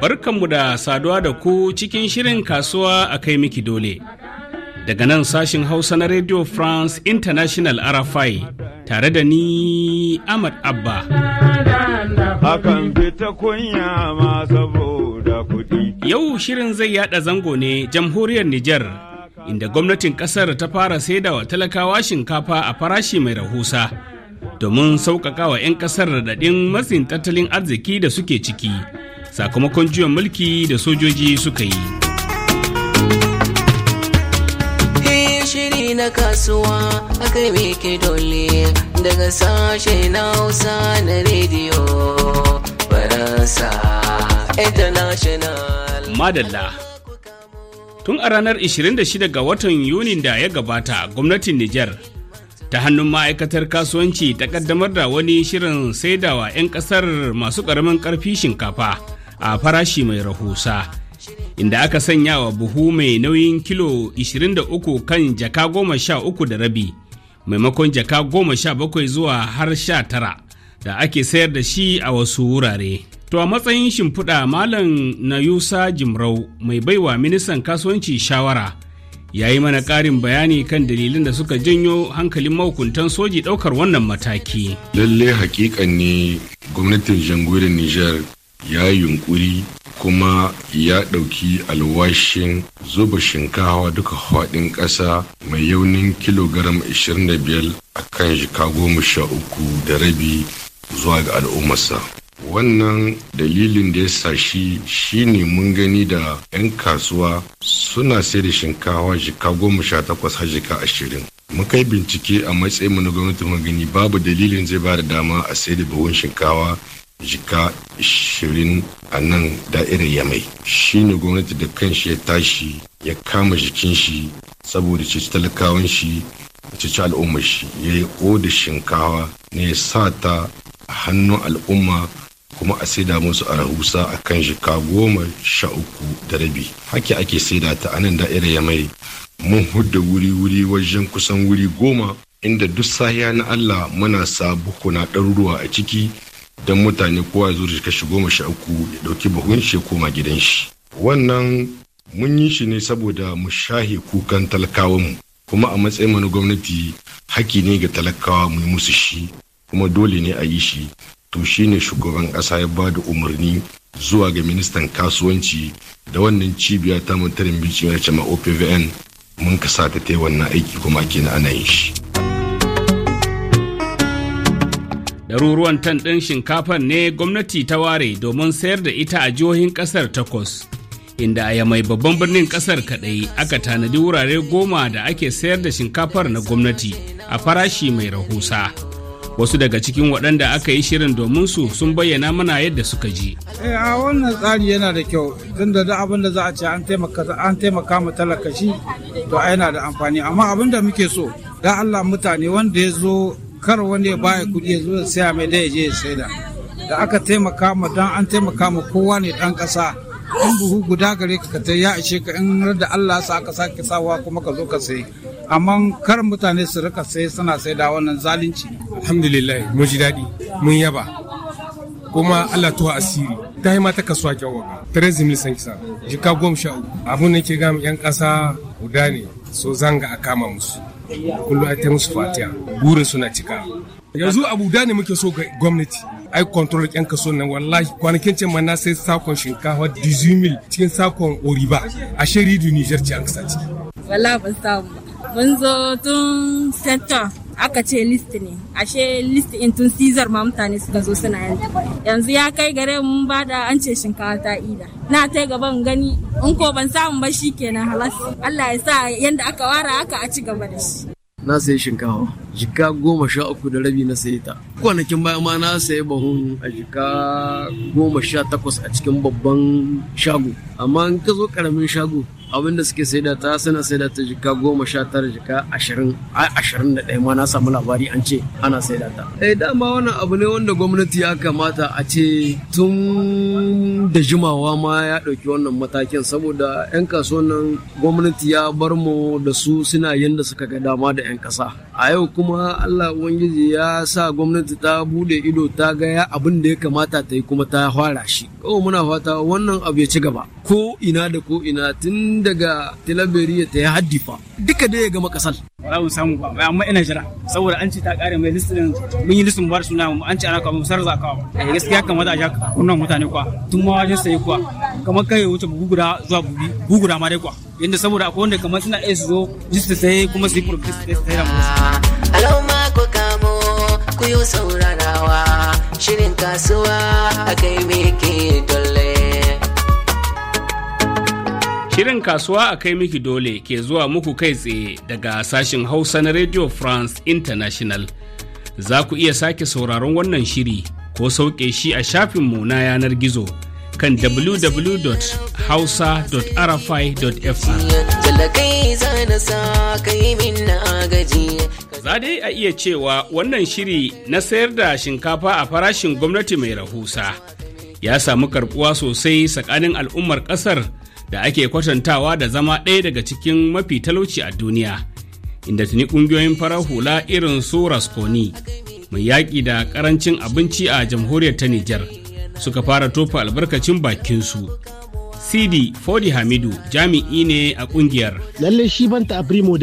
Barkanmu da saduwa da ku cikin shirin kasuwa a kai miki dole. Daga nan sashin Hausa na Radio France International RFI tare da ni Ahmad Abba. Akan fita kunya ma saboda kuɗi. Yau shirin zai yada zango ne jamhuriyar Nijar, inda gwamnatin ƙasar ta fara saida wa talakawa shinkafa a farashi mai rahusa, domin sauƙaƙa wa 'yan ƙasar raɗaɗin matsin tattalin arziki da suke ciki. sakamakon juyan mulki da sojoji suka yi na kasuwa daga sashe na hausa na rediyo faransa madalla tun a ranar 26 ga watan Yuni da ya gabata gwamnatin niger ta hannun ma'aikatar kasuwanci ta kaddamar da wani shirin saidawa 'yan kasar masu ƙaramin ƙarfi shinkafa a farashi mai rahusa inda aka sanya wa buhu mai nauyin kilo 23 kan jaka goma sha uku da rabi maimakon jaka goma sha bakwai zuwa har sha tara da ake sayar da shi a wasu wurare. To a matsayin shimfiɗa Malam na Yusa Jimrau mai baiwa ministan kasuwanci shawara ya yi mana ƙarin bayani kan dalilin da suka janyo hankalin mahukuntan soji ɗaukar wannan mataki. Lallai hakikan ne gwamnatin jamhuriyar Nijar ya yunkuri kuma ya ɗauki alwashin zuba shinkawa duka faɗin ƙasa mai yaunin kilogram 25 a kan jika goma sha uku da rabi zuwa ga al'ummarsa wannan dalilin da ya sa shi ne mun gani da 'yan kasuwa suna sai da shinkawa jika goma sha takwas har jika ashirin kai bincike a matsayin na gwamnati mun gani babu dalilin zai ba da dama a sai da buhun shinkawa jika shirin a nan da'irar yamai shi ne gwamnati da kanshi ya tashi ya kama jikin shi saboda ceci talakawan shi da ceci al'ummar shi ya yi oda shinkawa ne ya sa ta a hannun al'umma kuma a saida musu a rahusa a kan jika goma sha uku da rabi haki ake saida ta anan da'irar yamai mun hudda wuri-wuri wajen kusan wuri goma inda duk sahiya na Allah muna sa bukuna ɗaruruwa a ciki don mutane kowa ya zo da kashi goma sha uku ya ɗauki buhun shi ya koma gidan shi wannan mun yi shi ne saboda mu shahe kukan talakawan mu kuma a matsayin wani gwamnati haki ne ga talakawa mu yi musu shi kuma dole ne a yi shi to shi ne shugaban ƙasa ya ba da umarni zuwa ga ministan kasuwanci da wannan cibiya ta mutarin bici mai cema opvn mun kasa ta ta wannan aiki kuma kenan ana yin shi Ɗaruruwan tan ɗin shinkafar ne gwamnati ta ware domin sayar da ita a jihohin ƙasar takwas. Inda a mai babban birnin ƙasar kaɗai aka tanadi wurare goma da ake sayar da shinkafar na gwamnati a farashi mai rahusa. Wasu daga cikin waɗanda aka yi shirin domin su sun bayyana mana yadda suka ji. Eh, a wannan tsari yana da kyau tunda da abin da za a ce an taimaka ma talaka shi to yana da amfani amma abin da muke so da Allah mutane wanda ya zo kar wani ya baya kuɗi ya zo ya saya mai da ya je ya saida da aka taimaka ma dan an taimaka ma kowa ne dan kasa in buhu guda gare ka ta ya ishe ka in da Allah sa aka sake sawa kuma ka zo ka sai amma kar mutane su rika sai suna da wannan zalunci alhamdulillah mun ji daɗi mun yaba kuma Allah tuwa asiri ta yi mata kasuwa kyan waka terezi san kisa jika goma sha uku abun da ke gama yan ƙasa guda ne so zanga a kama musu kullum ai ta musu fatiya burin suna cika yanzu abu da ne muke so ga gwamnati ai control yan kaso nan wallahi kwanakin can mana sai sakon shinkafa 18 mil cikin sakon oriba a shiri du Niger ci an kasa ciki wallahi ban samu ba mun zo tun center aka ce list ne ashe list in tun sizar ma mutane suka zo suna yanzu yanzu ya kai gare mun bada an ce shinkawa ta ida na ta gaban gani in ko ban samu ba shi kenan halas Allah ya sa yanda aka wara aka a ci gaba da shi na sayi shinkawa jika goma sha uku da rabi na sayi ta kwanakin baya ma na sayi bahun a jika goma sha takwas a cikin babban shago amma in ka zo karamin shago abin da suke saida ta suna saida ta jika goma sha tara jika ashirin a ashirin da ɗaya ma na samu labari an ce ana saida ta. Eh dama wannan abu ne wanda gwamnati ya kamata a ce tun da jimawa ma ya ɗauki wannan matakin saboda 'yan kasuwan nan gwamnati ya bar mu da su suna da suka ga dama da ƴan ƙasa. a yau kuma Allah Ubangiji ya sa gwamnati ta bude ido ta ga abin da ya kamata ta yi kuma ta fara shi. Kawai muna fata wannan abu ya ci gaba. Ko ina da ko ina tun daga Tilaberiya ta ya haddifa duka da ya gama kasal. Ba mu samu ba, amma ina jira. Saboda an ci ta kare mai listin mun yi listin bar suna mu an ci ana kawo mu sarza kawo. Eh, gaskiya kamata a ja kunnan mutane kwa tun ma wajen sayi kwa kamar kai wuce mu gugura zuwa bugu gugura ma dai kuwa yanda saboda akwai wanda kamar suna iya su zo jista sai kuma su yi protest sai su tsaya musu al'umma kamo ku yi saurarawa shirin kasuwa a kai miki dole Shirin kasuwa a kai miki dole ke zuwa muku kai tsaye daga sashin Hausa na Radio France International. Za ku iya sake sauraron wannan shiri ko sauke shi a shafinmu na yanar gizo. kan www.hausa.rfi.fr. Za dai a iya cewa wannan shiri na sayar da shinkafa a farashin gwamnati mai rahusa ya samu karbuwa sosai tsakanin al'ummar ƙasar da ake kwatantawa da zama ɗaya daga cikin mafi talauci a duniya inda tuni ƙungiyoyin farar hula irin su rasconi mai yaƙi da ƙarancin abinci a jamhuriyar ta Nijar. suka fara tofa albarkacin bakinsu CD Fodi Hamidu jami'i ne a kungiyar. Lalle shi banta a primo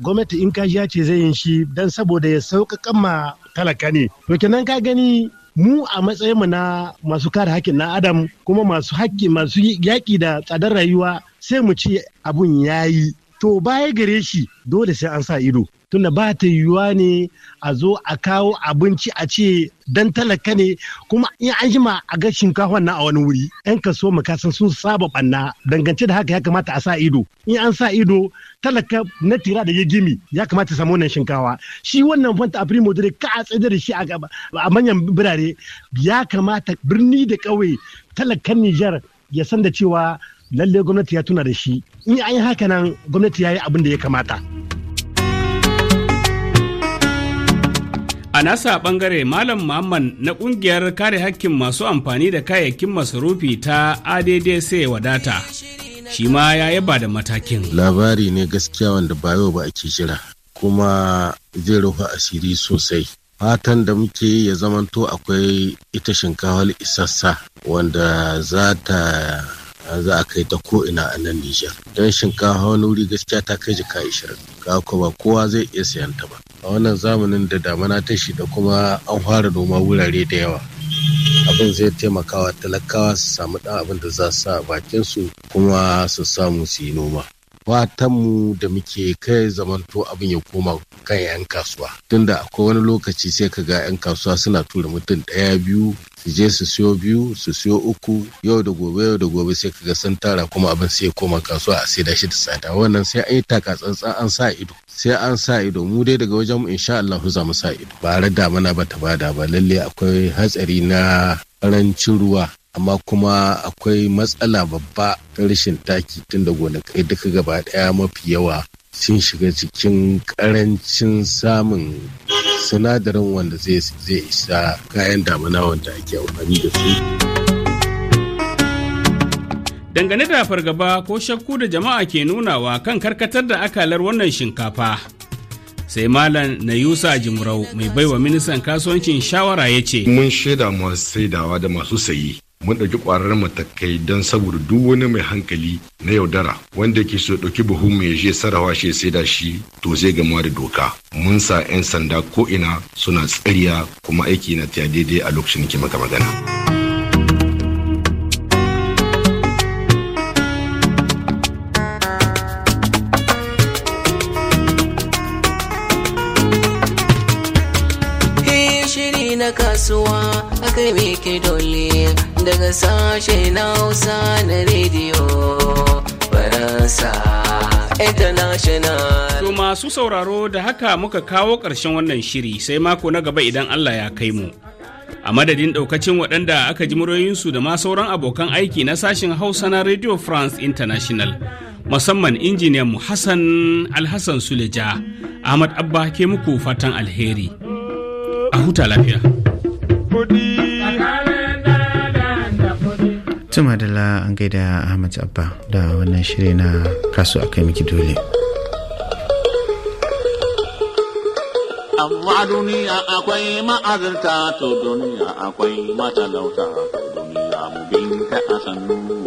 gwamnati in kaji ce zai yin shi don saboda ya sauƙaƙa ma talaka ne. To kenan ka gani mu a matsayin mu na masu kare hakkin na adam kuma masu hakki masu yaƙi da tsadar rayuwa sai mu ci abun yayi to baya gare shi dole sai an sa ido tunda ba ta yiwuwa ne a zo a kawo abinci a ce dan talaka ne kuma in an jima a ga shinkafa na a wani wuri yan kaso makasan sun saba banna dangance da haka ya kamata a sa ido in an sa ido talaka na tira da ya gimi ya kamata samu wannan shinkawa shi wannan fanta afri modere ka a tsaye da shi a manyan birane ya kamata birni da ƙauye talakan Nijar ya san da cewa Lallai gwamnati ya tuna da shi in an yi haka nan gwamnati ya yi abin da ya kamata a nasa bangare malam muhammad na kungiyar kare hakkin masu amfani da kayayyakin masarufi ta addc wadata shi ma ya yaba da matakin labari ne gaskiya wanda ba yau ba ake jira kuma zai rufe asiri sosai fatan da muke ya zamanto akwai ita shinkawar isassa wanda za ta za a kai ta ko ina a nan Nijar. Don shinkafa wani wuri gaskiya ta kai jika ishirin. Ka kuma kowa zai iya sayan ta ba. A wannan zamanin da damana ta shi da kuma an fara noma wurare da yawa. Abin zai taimakawa talakawa su samu ɗan abin da za su sa bakin su kuma su samu su yi noma. Fatanmu da muke kai zamanto abin ya koma kan 'yan kasuwa. Tunda akwai wani lokaci sai ka ga 'yan kasuwa suna tura mutum ɗaya biyu su je su siyo biyu su siyo uku yau da gobe yau da gobe sai kaga sun tara kuma abin sai koma kasuwa a saida shi da tsada wannan sai an yi taka tsantsan an sa ido sai an sa ido mu dai daga wajen mu insha Allah za mu sa ido ba da mana ba ta bada ba lalle akwai hatsari na karancin ruwa amma kuma akwai matsala babba ta rashin taki tun da gonakai duka gaba daya mafi yawa sun shiga cikin karancin samun sinadarin wanda zai isa kayan damuna wanda ake amfani da su. Dangane da fargaba ko shakku da jama'a ke nunawa kan karkatar da akalar wannan shinkafa. sai malam na yusa jimrau mai baiwa ministan kasuwancin shawara ya ce mun shaida masu saidawa da masu sayi mun ɗauki ƙwararren matakai don saboda duk wani mai hankali na yaudara wanda ke so ɗauki buhu mai je sarawa shi sai da shi to zai gama da doka mun sa 'yan sanda ko ina suna tsariya kuma aiki na ta daidai a lokacin da ke maka magana. na kasuwa akai meke dole daga sashe na hausa na rediyo faransa international to masu sauraro da haka muka kawo ƙarshen wannan shiri sai mako na gaba idan allah ya kai mu a madadin ɗaukacin waɗanda aka ji muryoyinsu da ma sauran abokan aiki na sashen hausa na radio france international musamman injiniyan mu hassan alhassan suleja ahmad abba ke muku fatan alheri huta lafiya. Tuma da la an gaida Ahmad Abba da wannan shiri na kasu a kai miki dole. Amma duniya akwai ma'azarta to duniya akwai matalauta to duniya mu binta a sannu.